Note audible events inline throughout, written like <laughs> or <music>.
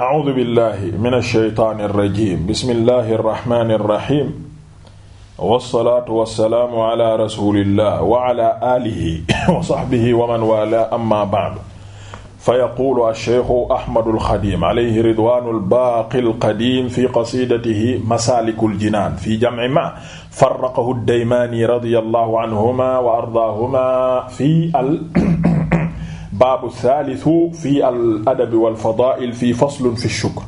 أعوذ بالله من الشيطان الرجيم بسم الله الرحمن الرحيم والصلاة والسلام على رسول الله وعلى آله وصحبه ومن والاه أما بعد فيقول الشيخ أحمد الخديم عليه رضوان الباقي القديم في قصيدته مسالك الجنان في جمع ما فرقه الديماني رضي الله عنهما وأرضاهما في ال baabu saalisu fi al adabi wal fadaa'il fi faslun fi shukr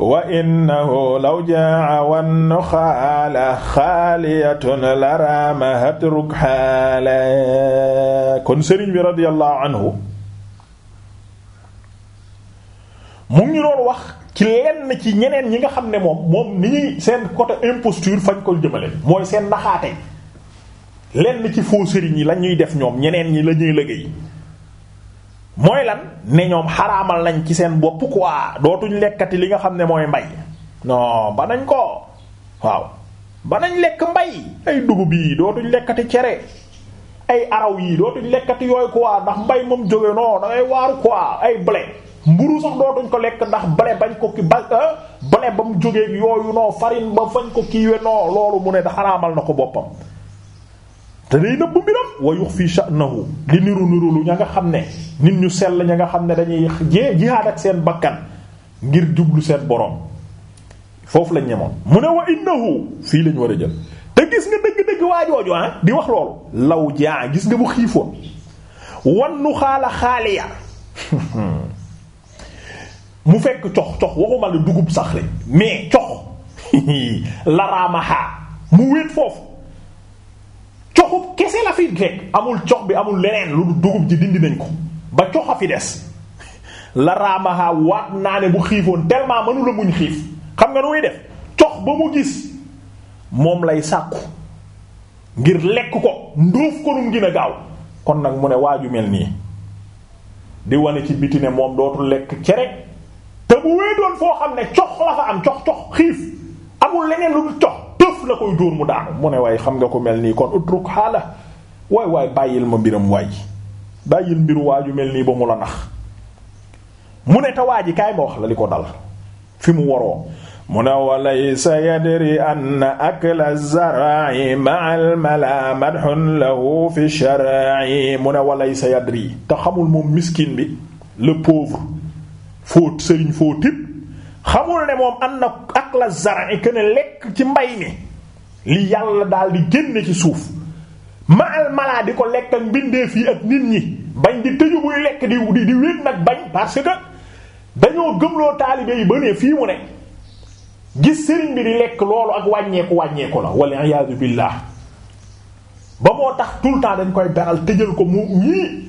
wa innahu law jaa'a wan nuxaala xaaliyatun laraamahat rukhaala kon sëriñ bi radiyallahu mu ngi doon wax ci lenn ci ñeneen ñi nga xam ne moom moom ni ñuy seen côté imposture fañ ko jëmale mooy seen naxaate lenn ci faux sëriñ yi la ñuy def ñoom ñeneen ñi la ñuy liggéey mooy lan ne ñoom xaraamal nañ ci seen bopp quoi dootuñ lekkati li nga xam ne mooy mbay non ba nañ ko waaw ba nañ lekk mbay ay dugub yi dootuñ lekkati cere ay araw yi dootuñ lekkati yooyu quoi ndax mbay moom jóge non da ngay waaru quoi ay ble mburu sax dootuñ ko lekk ndax blé bañ ko ki ba euh, blé ba mu jógee yooyu non farine ba fañ ko kiiwe noo loolu mu ne xaraamal na ko boppam te day nëbb mbiram fii yukhfi sha'nahu li niru niru lu ña nga xam ne nit ñu sell ña nga xam ne dañuy jee jihaad ak seen bakkan ngir jublu seen boroom foofu lañ ñemoon mu ne wa innahu fii lañ war a jël te gis nga dëgg-dëgg waajooju ah di wax loolu law jaa gis nga bu xiifoon wan nu xaala xaaliya <laughs> mu fekk cox cox waxuma la dugub sax le mais cox laraamaxaa <laughs> mu wéet foofu coxub kese la fi rek amul cox bi amul leneen lu dugub ji dindi nañ ko ba cox a fi des <laughs> la raamaha waat naa ne bu xiifoon tellement mënu la muñ xiif xam nga nu muy def cox ba mu gis moom lay sàkku ngir lekk ko ndóof ko num gaaw kon nag mu ne waaju mel nii di wane ci biti ne moom dootul lekk cere te bu wéy doon foo xam ne cox la fa am cox cox xiif amul leneen lu dul cox tëf la koy dóor mu daanu mu ne waaye xam nga ko mel nii kon utruk xaala waay waay bàyyil ma mbiram waay bàyyil mbiru waaju mel nii ba mu la nax mu ne te waa ma wax la li ko dal fi mu waroo mu ne walaysa yadri anna akla zar'i ma'al mala madhun lahu fi shar'i bi foo sëriñ xamul ne moom am na ak la zarai que ne lekk ci mbay mi li yàlla daal di génne ci suuf ma al di ko lekk ak mbindeef fii ak nit ñi bañ di tëju muy lekk di di di wéet nag bañ parce que dañoo gëmloo taalibe yi ba ne fii mu ne gis sëriñ bi di lekk loolu ak wàññeeku wàññeeku la walla iyaadu billaah ba moo tax tout le temps dañ koy beral tëjal ko mu ñii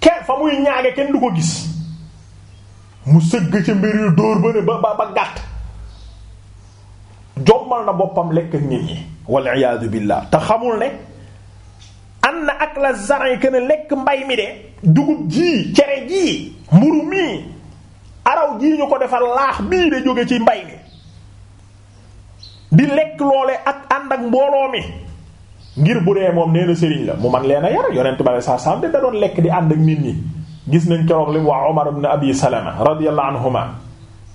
kenn fa muy ñaage kenn du ko gis mu sëgg ci mbir yu dóor ba ne ba ba ba gàtt jommal na boppam lekk nit ñi wal iyaadu billaah te xamul ne an na ak la zarin que ne lekk mbay mi de dugub ji cere ji mburu mii araw jii ñu ko defar laax bii de jóge ci mbay mi di lekk loole ak ànd ak mbooloo mi ngir bu dee moom nee na sëriñ la mu man leen a yar yonent ba ne saa saam de da doon lekk di ànd ak nit ñi gis nañ keroog li waa Omar ibn Abi Salama radiyallahu anhuma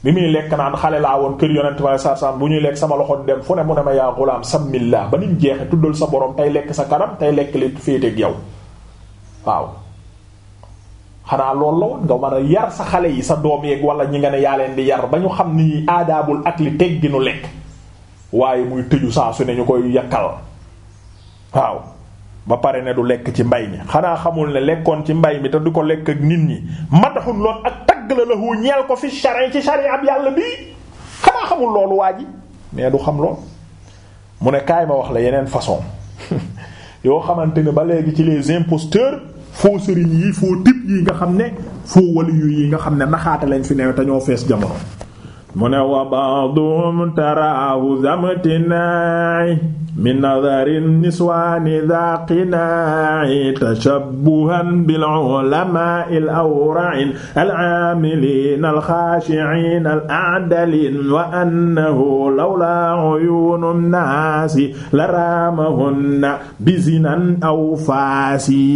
bi muy lekk naan xale laa woon kër yonent ma saa saa ñuy lekk sama loxo dem fu ne mu ne ma yaa gulaam samillah ba niñ jeexe tuddal sa borom tey sa kanam tey lekk li féeteeg yow waaw. loolu la woon nga yar sa xale yi sa doom yeeg wala ñi nga ne leen di yar ba ñu xam ni aadaabul ak li tegginu lekk waaye muy tëju saa su ñu koy yakkal waaw. ba pare ne du lekk ci mbay mi xanaa xamul ne lekkoon ci mbay mi te du ko lekk ak nit ñi madaxul loon ak tagg la lahu ñeel ko fi sharin ci sharin ab yàlla bi xanaa xamul loolu waa ji mais du xam lool mu ne kaay ma wax la yeneen façon <laughs> yoo xamante ne ba léegi ci les imposteurs foo sëriñ yi faux type yi nga xam ne foo waliyu yi nga xam ne naxaate lañ fi new te ñoo fees jamono mu ne wa ba'duhum taraahu zamtina'i min nadari niswaani daaqina'i tashabbuhan bil ulama'i al awra'in al aamilin al xaashi'in al a'dalin wa annahu lawla uyunu nnaasi la raamahunna bizinan aw faasi.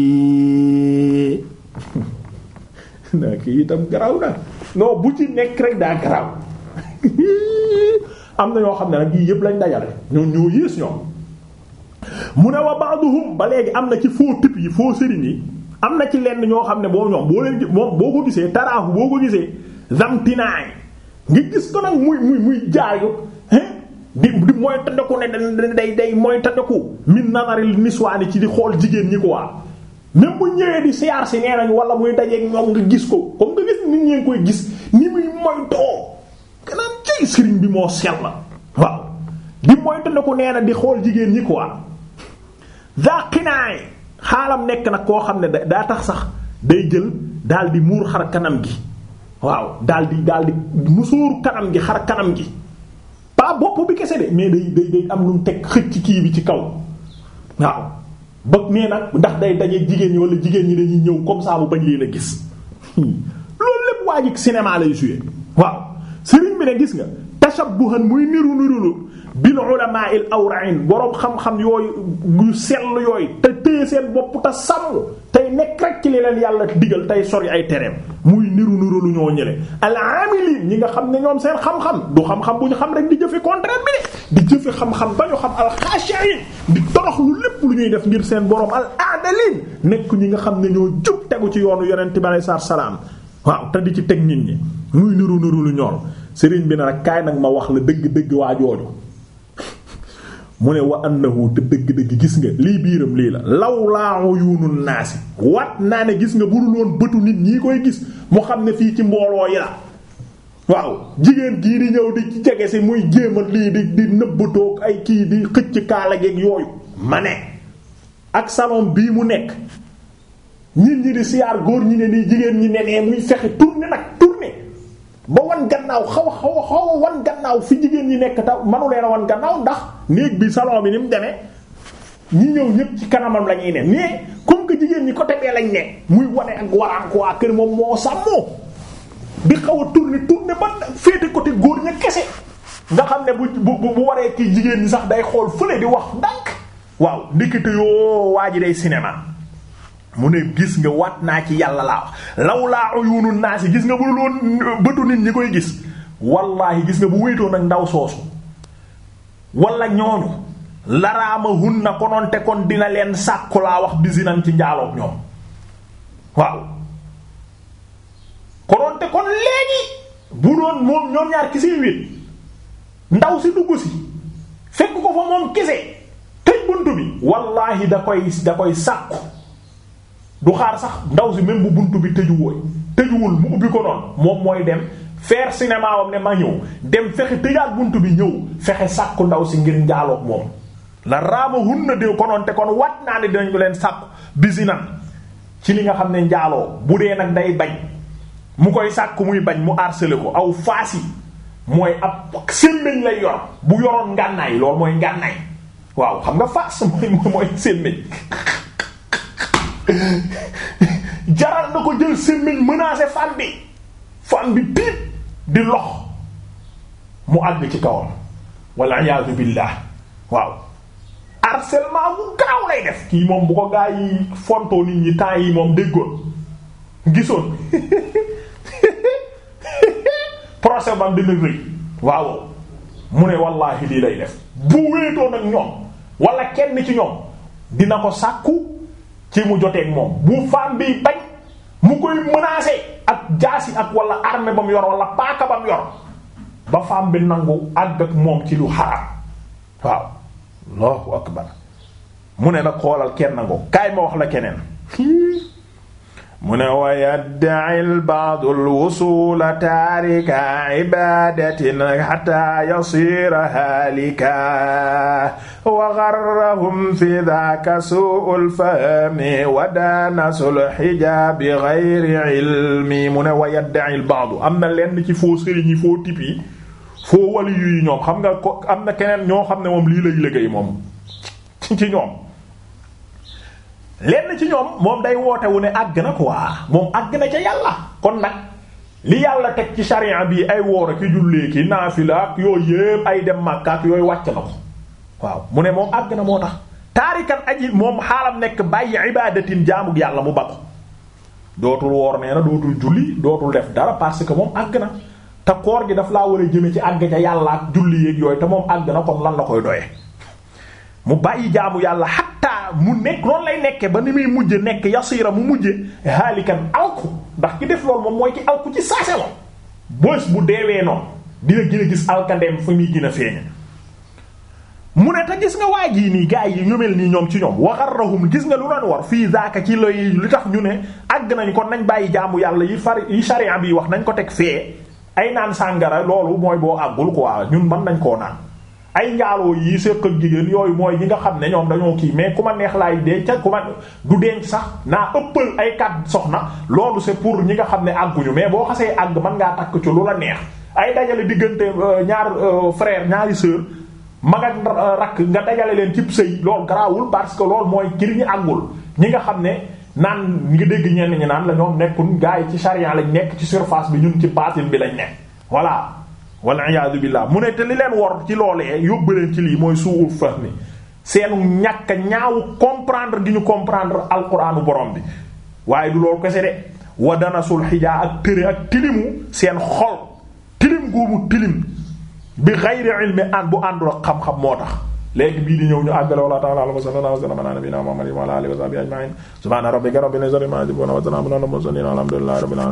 <laughs> kii itam garaaw na non bu ci nekk rek daa garaaw. <laughs> am na yoo xam ne nag yii yëpp lañ dajale ñoom ñoo yées ñoom mu ne wa ba'duhum ba léegi am na ci faux type yi faux sëriñ yi am na ci lenn ñoo xam ne boo ñoom boo leen moom boo ko gisee taraafu boo ko gisee zamtinaay nga gis ko nag muy muy muy jaayu di di mooy tëddeku ne day day mooy tëddeku min nazaril niswaani ci di xool jigéen ñi quoi même bu ñëwee di siyaar si nee nañ wala muy dajeeg ñoom nga gis ko comme nga gis nit ñee koy gis ni muy moytoo ay bi moo sell waaw di moytu na ko nee na di xool jigéen ñi ko daa xinaay xaalam nekk nag koo xam ne daa tax sax day jël daal di muur xar kanam gi waaw daal di daal di musóor kanam gi xar kanam gi pas bopp bi kese de mais day lu mu teg xëcc kii bi ci kaw waaw bëgg nee nag ndax day daje jigéen ñi wala jigéen ñi dañuy ñëw comme ça bu bañ leen a gis hmm. loolu lépp waa ji cinéma lay jouer waaw sëriñ bi ne gis nga tashabbuhan muy niru nirulu bil ulama il awra'in boroom xam-xam yooyu yu sell yooyu te téye seen bopp te sàmm tey nekk rek ci li leen yàlla digal tey sori ay tereem muy niru nirulu ñoo ñële al ñi nga xam ne ñoom seen xam-xam xam-xam bu ñu xam rek di jëfe contraire bi di jëfe xam-xam ba ñu xam al ñuy def ngir seen boroom al aadalin nekk ñi nga xam ne ñoo jub tegu ci yoonu yonent bi alayhi salaam waaw te di ci teg nit ñi muy niru niru lu ñool sëriñ bi na nag kaay nag ma wax la dëgg-dëgg waa jooju mu ne wa annahu te dëgg-dëgg gis nga lii biiram lii la law laa uyunun naasi wat naa ne gis nga budul woon bëtu nit ñi koy gis mu xam ne fii ci mbooloo yi la waaw jigéen gii di ñëw di jege si muy jéema lii di di nëbbatoog ay kii di xëcc kaala geeg yooyu ma ne ak salon bii mu nekk nit ñi di siyaar góor ñi ne nii jigéen ñi ne nee muy fexe tourner nag ba wan gannaaw xaw xaw xaw wan gannaaw fi jigéen ñi nekk taw manu leen a wan gannaaw ndax néeg bi salon bi ni mu demee ñi ñëw ñëpp ci kanamam la ñuy ne mais comme que jigéen ñi côté bee lañ ne muy wane ak waraan waa kër moom moo sàmmoo di xaw a tourner tourner ba féete côté góor ña kese nga xam ne bu bu bu waree kii jigéen ñi sax day xool fële di wax ndànk waaw ndekete yoo waa ji day cinéma. mu ne gis nga wat naa ci yàlla laa wax lawlaa uyunu naasi gis nga bu dul woon mm, bëtu nit ñi koy gis wallaahi gis nga bu wéetoon ak ndaw soosu wala ñoonu laraama hun na kononte kon dina leen sàkku laa wax bisinan ci njaaloog ñoom waaw kononte kon léegi bu doon moom ñoom ñaar kisee wéet ndaw si dugg si fekk ko fa moom kese tëj bunt bi wallaahi da koy da koy sàkku du xaar sax ndaw si même bu buntu bi tëjuwooy tëjuwul mu ubbi konoon moom mooy dem faire cinéma wam ne ma ñëw dem fexe tëjaat bunt bi ñëw fexe sàkku ndaw si ngir njaaloog moom la raama hun na déw konoon te kon wat naa ne dinañu leen sàkku bisi nan ci li nga xam ne njaaloo bu dee nag day bañ mu koy sàkku muy bañ mu harcelé ko aw faas mooy ab sémmiñ lay yor bu yoroon ngànnaay loolu mooy ngànnaay waaw xam nga faas mooy mooy sémmiñ <laughs> jaral na ko jël simmiñ menacé femme bi femme bi piip di lox mu àgg ci kawam walla iyaatu billaah waaw harcèlement bu gaaw lay def kii moom bu ko gaa yi fontoo nit ñi temps moom déggoon gisoon <laughs> procès bam dina rëy waaw mu ne wallaahi lii lay def bu wéetoo nag ñoom wala kenn ci ñoom dina ko sàkku ci mu jotee moom bu femme bi bañ mu koy menacer ak jaasi ak wala arme ba mu yor wala paaka ba mu yor ba femme bi nangu àgg ak moom ci lu xaraam waaw allahu akbar mu ne nag xoolal kenn nangoo kaay ma wax la keneen mu ne wa yaddaci lbaadu lwusula taarika cibaadatin xataa yasiira haalika wa garrahum fi daaka suu lfahmi wa daanasu lxijaabi gayri cilmi mu ne wa yaddaci lbaadu am na lenn ci foo sëriñ yi foo tip yi foo wali yu ñoom xam nga ko am na keneen ñoo xam ne moom lii lay liggéey moom ci ñoom lenn ci ñoom moom day woote wu ne àgg na ko quoi moom àgg na ca yàlla kon nag li yàlla teg ci sharia bi ay woor ak i jullee ki naafila ak yooyu yëpp ay dem Makka ak yooyu wàcc la ko waaw mu ne moom àgg na moo tax taarikan aji moom xaalam nekk bàyyi ibadatin jaamu yàlla mu bakku dootul woor nee na dootul julli dootul def dara parce que moom àgg na te koor gi daf laa war a jëme ci àgg ca yàlla ak julli yeeg yooyu te moom àgg na kon lan la koy doyee xatta mu nekk loolu lay nekkee ba ni muy mujj nekk yasiira mu mujje haalikan alku ndax ki def loolu moom mooy ki alku ci saase moom bës bu deewee noonu dina gën gis alkandeem fu muy gën feeña mu ne te gis nga waa jii nii gaa yi ñu mel nii ñoom ci ñoom waxarrahum gis nga lu doon war fii zaaka ci lay li tax ñu ne àgg nañ ko nañ bàyyi jaamu yàlla yi far yi sharia bi wax nañ ko teg fee ay naan sàngara loolu mooy boo àggul quoi ñun mën nañ koo naan ay njaaloo yii séqal jigéen yooyu mooy yi nga xam ne ñoom dañoo kii mais ku ma neex laay denc ku ma du denc sax naa ëppal ay kat soxna loolu c'est pour ñi nga xam ne àgguñu mais boo xasee àgg mën ngaa takk ci lu la neex ay dajale diggante euh, ñaar euh, frère ñaari sœur mag ak euh, nga dajale leen cib sëy loolu garaawul parce que loolu mooy kir ñi àggul ñi nga xam ne naan ngi dégg ñenn ñi naan la ñoom nekkul gars yi ci charia lañ nekk ci surface bi ñun ci baatin bi lañ nekk voilà wal iyaadu billah mu ne te li leen wor ci loolee yóbbu leen ci lii mooy suuwul fahmi seenu ñàkk ñaawu comprendre gi ñu comprendre alquraanu borom bi waaye du loolu kese de wa danasul xijaa ak tëre ak tilimu seen xol tilim guumu tilim bi xayri ilmi an bu àndul xam-xam moo tax léegi bii di ñëw ñu àggale wala ta'ala wa sallallahu alayhi wa sallam ala nabiyyina muhammadin wa ala alihi wa sahbihi ajma'in subhana rabbika rabbil izzati amma yasifun wa